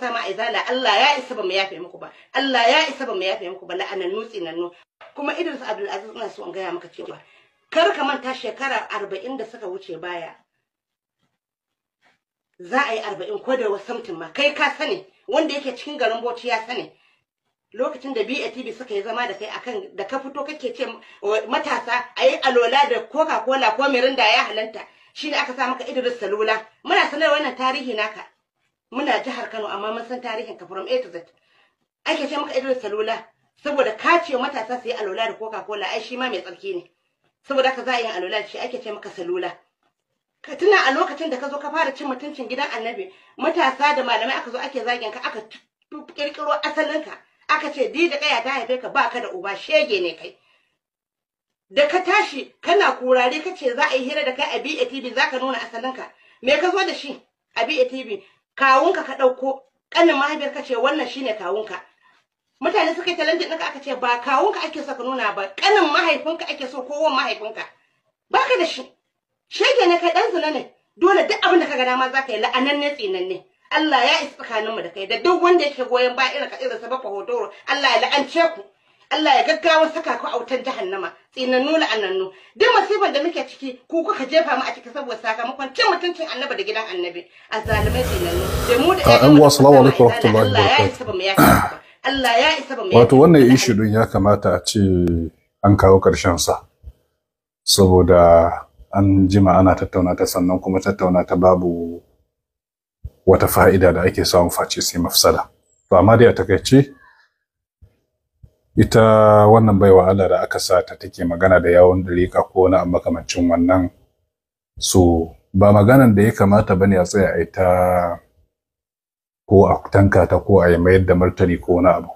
sa ma izala Allah ya isa ba mu yafe muku ba Allah ya isa ba mu yafe muku ba la'anan nutsi nan nu kuma Idris Abdulaziz ina so in gaya maka cewa kar ka manta shekara arba'in da suka wuce baya za a yi arba'in ko da wasamtin ma kai ka sani wanda yake cikin garin Bauchi ya sani lokacin da BATB suka yi zama da kai akan da ka fito kake ce matasa a yi alola da coca cola ko mirinda ya halanta shine aka sa maka Idris Salula muna sanar wannan tarihi naka muna jihar Kano amma mun san tarihin ka from A to Z ake ce maka Idris Salula saboda ka ce matasa su yi alola da Coca-Cola ai shi ma mai tsarki ne saboda ka za a yi alola shi ake ce maka Salula ka tuna a lokacin da ka zo ka fara cin mutuncin gidan Annabi matasa da malamai aka zo ake zagin ka aka kirkiro ka aka ce di da kaya ta haife ka baka da uba shege ne kai da ka tashi kana kurare ka ce za a yi hira da kai a BATV za ka nuna asalinka me ka zo da shi a BATV kawunka ka ɗauko kanin mahaifiyar ka ce wannan shine kawunka mutane suka yi talentin ɗinka aka ce ba kawunka ake so ka nuna ba kanin mahaifinka ake so ko wan mahaifinka baka da shi shege ne kai ɗan ne dole duk abin da ka ga dama za ka yi la'ananne tsinanne Allah ya isa tsakaninmu da kai da duk wanda yake goyon ba irin ka irin sa ba Allah ya la'ance ku Allah ya gaggawa saka ku a wutar jahannama tsinannu annannu. duk masifan da muke ciki ku kuka jefa mu a ciki saboda sakamakon cin mutuncin annabi da gidan annabi azzalumai tsinannu da mu da ƴaƴan ah, mu assalamu alaikum warahmatullahi wabarakatuh Allah ya isa ba mu wato wannan issue din ya kamata a ce an kawo karshen sa saboda an jima ana tattauna ta sannan kuma tattauna ta babu wata fa'ida da ake samun face sai mafsada to amma dai a takaice ita wannan bai Allah da aka sata take magana da yawon dariƙa ko wani abu makamancin wannan so ba maganan da ya kamata bane a tsaya a ita ko a tanka ta ko a yi mayar da martani ko wani abu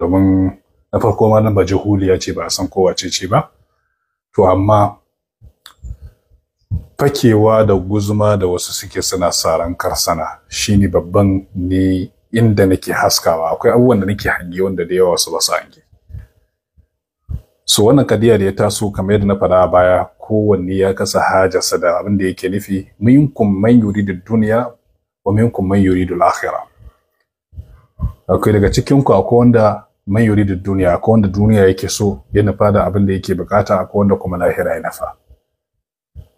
domin na farko ma nan ba jahuliya ce ba a san kowace ce ba to amma fakewa da guzuma da wasu suke suna saran karsana shine babban ne inda nake haskawa akwai abubuwan da nake hange wanda da yawa su ba su hange Su wannan kadiya da ya taso kamar yadda na faɗa a baya kowanne ya kasa hajarsa da abin da yake nufi minkum man yuridu duniya, wa minkum man yuridu akwai daga cikin ku akwai wanda man yuridu duniya, akwai wanda duniya yake so ya nufa da abin da yake bukata akwai wanda kuma lahira ya nufa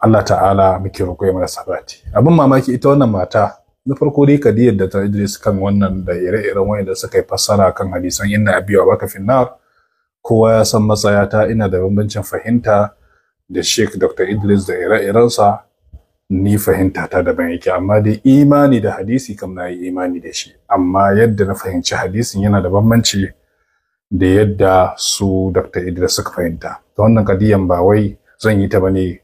Allah ta'ala muke roƙo ya mana sabati abin mamaki ita wannan mata na farko dai kadiyar da ta Idris kan wannan da ire-iren wanda suka yi fassara kan hadisan inna abiya baka finnar kowa ya san matsayata ina da bambancin fahimta da Sheikh Dr. Idris da ire-irensa ni fahimta ta daban yake amma dai imani da hadisi kam na yi imani da shi amma yadda na fahimci hadisin yana da bambanci da yadda su Dr. Idris suka fahimta ta wannan kadiyan ba wai zan yi ta bane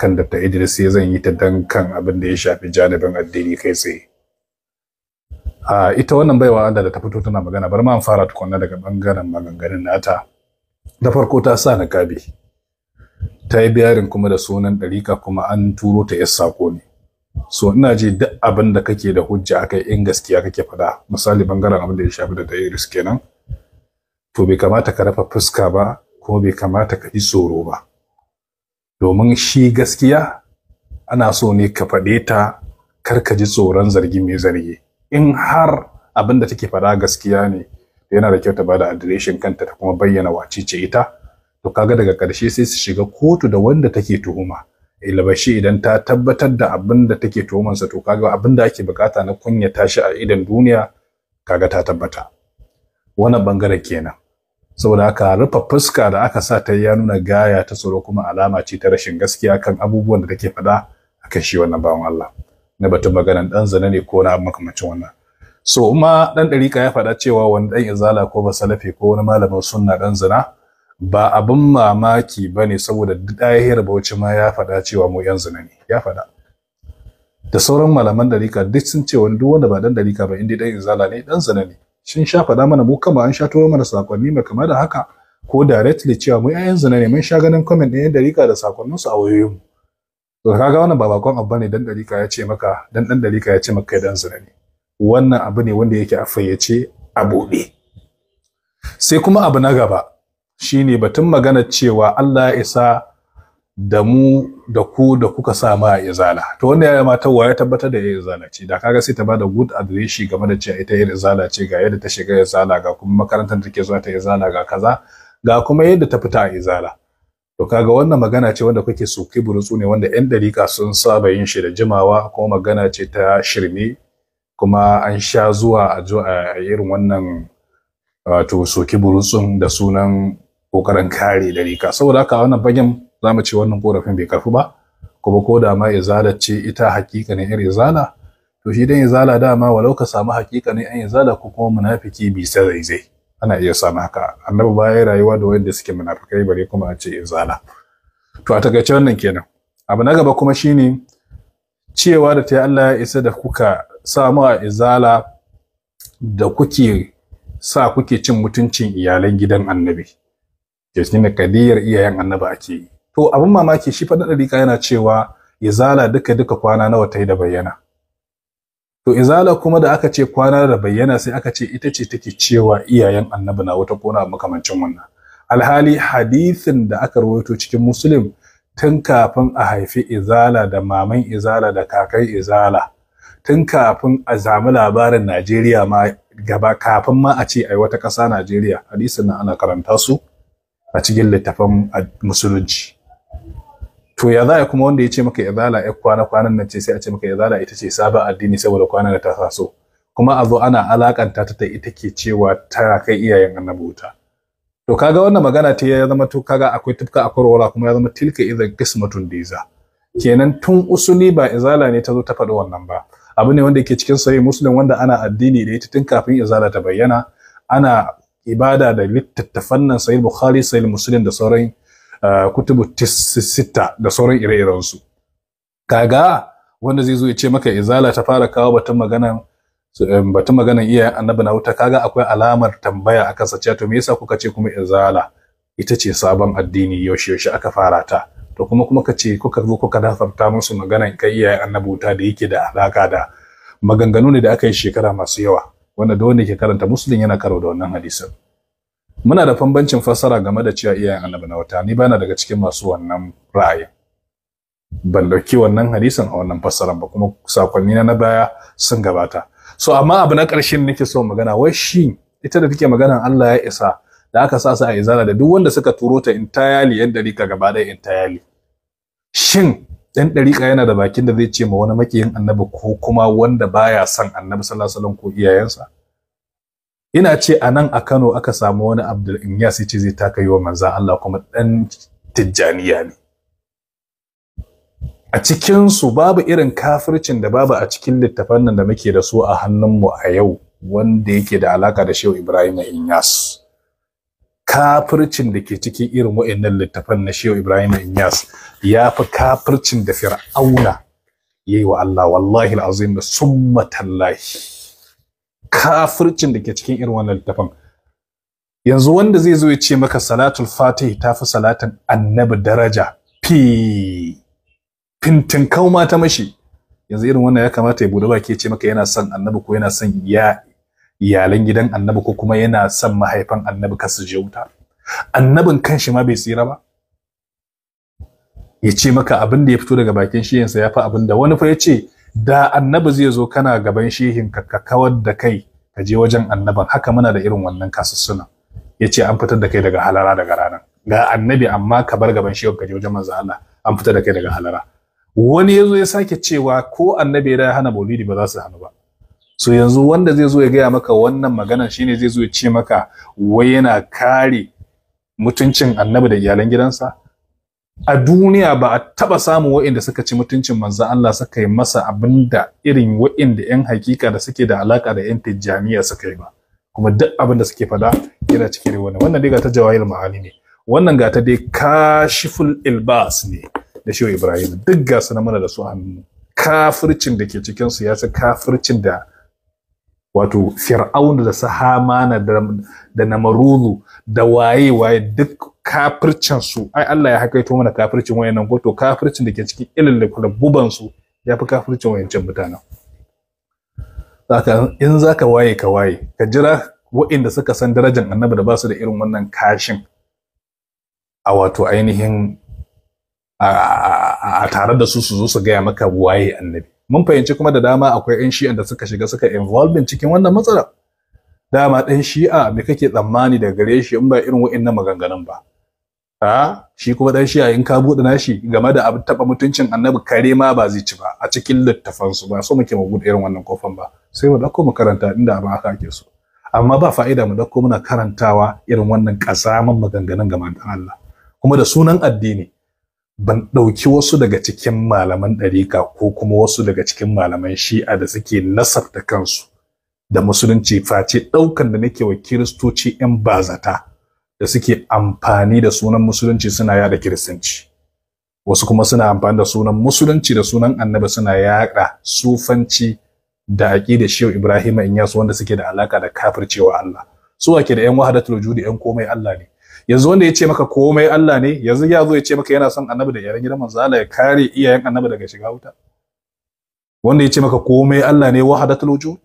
kan Dr. Idris sai zan yi ta dan kan abin da ya shafi janibin addini kai tsaye a ah, ita wannan baiwa da ta fito tana magana bar ma an fara tukunna daga bangaren maganganun nata da farko ta sa niƙabi ta yi biyarin kuma da sunan ɗarika kuma an turo ta yar sako ne so ina ji duk abin da kake da hujja akai in gaskiya kake faɗa misali bangaren abin da ya shafi da riske kenan to bai kamata ka rafa fuska ba kuma bai kamata ka ji tsoro ba domin shi gaskiya ana so ne ka faɗe ta kar ka ji tsoron zargi mai zargi in har abin da take faɗa gaskiya ne yana da kyau ta bada adireshin kanta ta kuma bayyana wace ce ita to kaga daga ƙarshe sai su shiga kotu da wanda take tuhuma ilbashi idan ta tabbatar da abin da take tuhumansa to kaga abin da ake bukata na kunya tashi a idan duniya kaga ta tabbata wannan bangaren kenan saboda haka rufe fuska da aka sa ta ya nuna gaya ta tsoro kuma alama ce ta rashin gaskiya kan abubuwan da take faɗa akan shi wannan bawan Allah na batun maganan dan zane ne ko na makamancin wannan so ma dan ɗarika ya fada cewa wani dan izala ko ba salafi ko wani malamin sunna dan zina ba abin mamaki ba ne saboda ɗahir bauchi ma ya fada cewa mu yan zina ne ya faɗa da sauran malaman ɗarika duk sun ce wani duk wanda ba ɗan ɗarika ba inda ɗan izala ne ɗan zina ne sun sha faɗa mana mu kama an sha turo mana sakonni mai kama da haka ko directly cewa mu yayan zina ne mun sha ganin comment ɗin ɗarika da su a wayoyinmu to kaga wannan ba bakon abu ne dan ɗarika ya ce maka dan ɗan ɗarika ya ce maka kai ɗan zina ne wannan abu ne wanda yake a fayyace a buɗe sai kuma abu na gaba Shi ne batun magana cewa Allah ya isa da mu da ku da kuka sa ma a izala to wanda ya yi mata ya tabbatar da ya izala ce da kaga sai ta ba bada good adireshi game da cewa ita ya izala ce ga yadda ta shiga izala ga kuma makarantar da ke zuwa ta izala ga kaza ga kuma yadda ta fita a izala to kaga wannan magana ce wanda kuke so kai burutsu ne wanda yan dariƙa sun saba yin shi da jimawa kuma magana ce ta shirme kuma an sha zuwa a irin wannan wato soki burutsun da sunan kokarin kare da rika. saboda haka wannan fagen za mu ce wannan korafin bai karfi ba kuma ko da ma izala ce ita hakika ne irin izala to shi dan izala dama walau ka samu hakika ne an izala ko kuma munafiki bi zaizai ana iya samu haka annabi baya rayuwa da wanda suke munafikai bare kuma a ce izala to a takaice wannan kenan abu na gaba kuma shine cewa da ta Allah ya isa da kuka samu a izala da kuke sa kuke cin mutuncin iyalan gidan annabi ke cikin kadiyar iyayen annabi ake yi to abin mamaki shi faɗin ɗariƙa yana cewa izala duka duka kwana nawa ta yi da bayyana to izala kuma da aka ce kwana da bayyana sai aka ce ita ce take cewa iyayen annabi na wata kona makamancin wannan alhali hadithin da aka rawaito cikin muslim tun kafin a haifi izala da maman izala da kakai izala tun kafin a zami labarin Najeriya ma gaba kafin ma a ce ai wata ƙasa Najeriya hadisin nan ana karanta su a cikin littafan musulunci to ya za kuma wanda ya ce maka izala ya kwana kwanan nan ce sai a ce maka izala ita ce sabon addini saboda kwanan da ta taso kuma a zo ana alakanta ta ta ita ke cewa ta kai iyayen annabuta to kaga wannan magana ta ya zama to kaga akwai tufka a kwarwara kuma ya zama tilka idan qismatun diza kenan tun usuli ba izala ne ta zo ta faɗi wannan ba abu ne wanda ke cikin sahih muslim wanda ana addini da ita tun kafin izala ta bayyana ana ibada da littattafan nan sahih bukhari sahih muslim da sauran eh, kutubu sita da sauran ire-iren su kaga wanda zai zo ya ce maka izala ta fara kawo batun magana eh, batun magana iyayen annabi na wuta kaga akwai alamar tambaya akan sa to me yasa kuka ce kuma izala ita ce sabon addini yaushe yaushe aka fara ta to kuma kuma ka ce kuka zo kuka dafarta musu maganan kai iyayen annabuta da yake da alaka da maganganu ne da aka yi shekara masu yawa wanda da wanda ke karanta musulun yana karo da wannan hadisin muna da bambancin fassara game da cewa iyayen annabi na wata ni bana daga cikin masu wannan ra'ayin ban dauki wannan hadisin a wannan fassaran ba kuma sakonni na baya sun gabata so amma abu na ƙarshen nake so magana wai shin ita da take magana Allah ya isa da aka sa su a izana da duk wanda suka turo ta entirely yan dariƙa gaba ɗaya intayali. shin 'yan dariƙa yana da bakin da zai ce ma wani makiyin annabi ko kuma wanda baya son annabi sallallahu alaihi wasallam ko iyayensa ina ce a nan a Kano aka samu wani Abdul Inyas ce zai taka yi wa manzan Allah kuma ɗan tijjaniya ne a cikinsu babu irin kafircin da babu a cikin littafan nan da muke da su a hannunmu a yau wanda yake da alaka da Shehu Ibrahim Inyas. kafircin da ke cikin irin wa'annan littafan na shehu ibrahim inyas ya fi kafircin da fir'auna ya yi wa allah wallahi al'azim da summa tallahi kafircin da ke cikin irin wannan littafan yanzu wanda zai zo ya ce maka salatul fatih ta fi salatin annabi daraja fi fintin kauma ta mashi yanzu irin wannan ya kamata ya bude baki ya ce maka yana son annabi ko yana son ya iyalan gidan annabi ko kuma yana son mahaifan annabi kasu je wuta annabin kanshi ma bai tsira ba ya ce maka abin da ya fito daga bakin shehinsa ya fi abin da wani fa ya ce da annabi zai zo kana gaban shehin ka kawar da kai ka je wajen annaban haka muna da irin wannan kasussuna ya ce an fitar da kai daga halara daga ranar ga annabi amma ka bar gaban shehin ka je wajen manzo Allah an fitar da kai daga halara wani ya zo ya sake cewa ko annabi ya hana maulidi ba za su hana ba so yanzu wanda zai zo ya gaya maka wannan magana shine zai zo ya ce maka wai yana kare mutuncin annabi da iyalan gidansa a duniya ba a taba samun wa'inda suka ci mutuncin manzo Allah suka yi masa abinda irin wa'inda yan hakika da suke da alaka da yan tijjaniya suka yi ba kuma duk abin da suke fada yana cikin wannan wannan dai ga ta jawahir ma'ani ne wannan ga ta dai kashiful ilbas ne da shehu ibrahim duk ga su na mana da su hannu kafircin da ke cikin su ya kafircin da wato fir'aunu da sahamana da namarudu da waye waye duk kafircin su ai Allah ya hakaito mana kafircin wayannan ko to kafircin da ke cikin ilil buban su ya fi kafircin wayancin mutanen zaka in zaka waye ka waye ka jira wa'inda suka san darajar annabi da basu da irin wannan kashin a wato ainihin a tare da su su zo su gaya maka waye annabi mun fahimci kuma da dama akwai 'yan shi'an da suka shiga suka involve cikin wannan matsala dama ɗan shi'a me kake tsammani daga gare shi in ba irin wa'annan maganganun ba a shi kuma ɗan shi'a in ka buɗe nashi game da abin taɓa mutuncin annabi kare ma ba zai ci ba a cikin littafansu ba so muke mu buɗe irin wannan kofan ba sai mu ɗauko mu karanta inda ba haka ake so amma ba fa'ida mu ɗauko muna karantawa irin wannan ƙasaman maganganun ga Allah kuma da sunan addini ban ɗauki wasu daga cikin malaman ɗariƙa ko kuma wasu daga cikin malaman shi'a da suke nasarta kansu da musulunci face ɗaukan da nake wa kiristoci 'yan bazata da suke amfani da sunan musulunci suna yada kiristanci wasu kuma suna amfani da sunan musulunci da sunan annabi suna yaɗa sufanci da aƙidar shehu ibrahim in yaso wanda suke da alaka da kafircewa allah su ke da 'yan wahadatul wujudi 'yan komai allah ne yanzu wanda ya ce maka komai Allah ne yanzu ya zo ya ce maka yana son annabi da yaran gidan manzo Allah ya kare iyayen annabi daga shiga wuta wanda ya ce maka komai Allah ne wahadatul wujud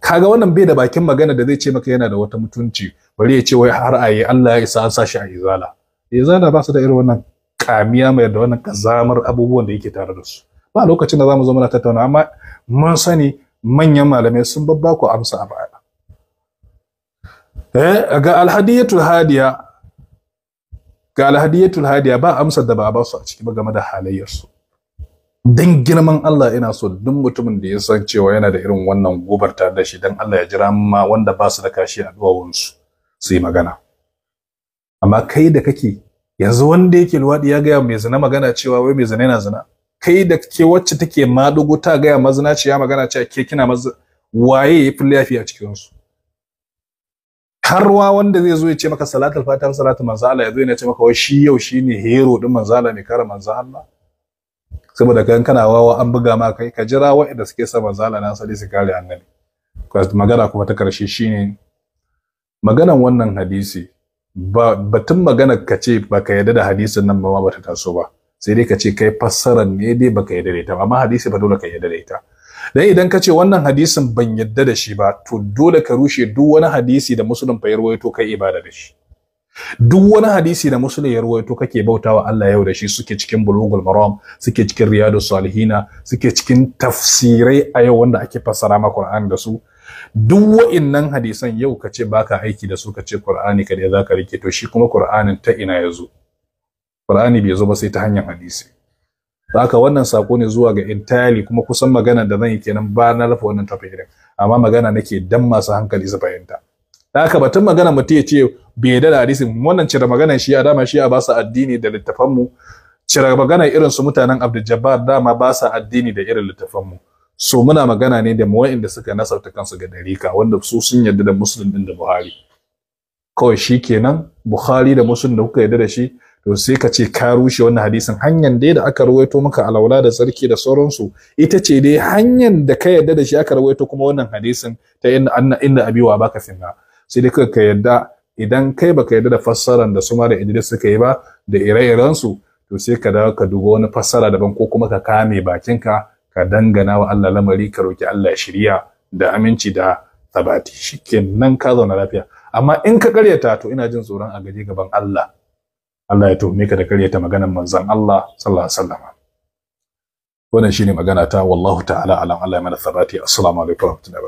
kaga wannan bai da bakin magana da zai ce maka yana da wata mutunci bari ya ce wai har ayi Allah ya isa an sa shi a izala izala ba su da irin wannan kamiya mai da wannan kazamar abubuwan da yake tare da su ba lokacin da zamu zo muna tattauna amma mun sani manyan malamai sun babba ku amsa a baya eh ga alhadiyatul hadiya ga alhadiyatul hadiya ba amsar da ba a basu a ciki ba game da halayyarsu Don girman Allah ina so duk mutumin da ya san cewa yana da irin wannan gobar tare da shi dan Allah ya jira ma wanda ba su da kashi a duwawunsu su yi magana amma kai da kake yanzu wanda yake luwaɗi ya gaya mai zina magana cewa wai mai zina yana zina kai da ke wacce take maɗugo ta gaya mazina ce ya magana cewa ke kina maza waye ya fi a cikinsu karwa wanda zai zo ya ce maka salatul fatiha salatu manzo Allah ya zo ya ce maka wai shi yau shine hero din manzo Allah mai kara manzo Allah saboda kan kana wawa an buga ma kai ka jira waɗanda suke sa manzo Allah na sai su kare annabi magana kuma ta karshe shine maganan wannan hadisi ba batun magana ka ce baka yarda da hadisin nan ba ma bata taso ba sai dai ka ce kai fassara ne dai baka yarda da ita amma hadisi ba dole ka yarda da ita dan idan ka ce wannan hadisin ban yadda da shi ba to dole ka rushe duk wani hadisi da musulun fa ya kai ibada da shi duk wani hadisi da musulun ya to kake bautawa Allah yau da shi suke cikin bulugul maram suke cikin riyadus salihina suke cikin tafsirai a yau wanda ake fassara ma Qur'ani da su duk wa'innan hadisan yau ka ce baka aiki da su ka ce Qur'ani ka da zaka rike to shi kuma Qur'anin ta ina yazo zo Qur'ani bai zo ba sai ta hanyar hadisi haka wannan sako ne zuwa ga entirely kuma kusan magana da zan yi kenan ba na rufe wannan topic din amma magana nake dan masu hankali su fahimta haka batun magana mutum ya ce bai da hadisin wannan cire magana shi a dama shi a ba su addini da littafan mu cire magana irin su mutanen Abdul dama ba su addini da irin littafan mu so muna magana ne da wa'inda suka nasarta kansu ga dariƙa wanda su sun yarda da Muslim din da Buhari kawai shi kenan Bukhari da Muslim da kuka yarda da shi to sai ka ce ka rushe wannan hadisin hanyar dai da aka rawaito maka alaula da sarki da sauransu ita ce dai hanyar da ka yarda da shi aka rawaito kuma wannan hadisin ta inda inda abiwa baka finna sai dai ka yarda idan kai baka yarda da fassaran da suma da Idris suka yi ba da ire-iren su to sai ka dawo ka duba wani fassara daban ko kuma ka kame bakinka ka dangana wa Allah lamari ka roki Allah shiriya da aminci da tabati shikenan ka zauna lafiya amma in ka karyata to ina jin tsoron a gaje gaban Allah Allah ya tuhume ka da karyata maganar manzon Allah sallallahu alaihi wasallam wannan shine magana ta wallahu ta'ala alam Allah ya mana sabati assalamu alaikum wa rahmatullahi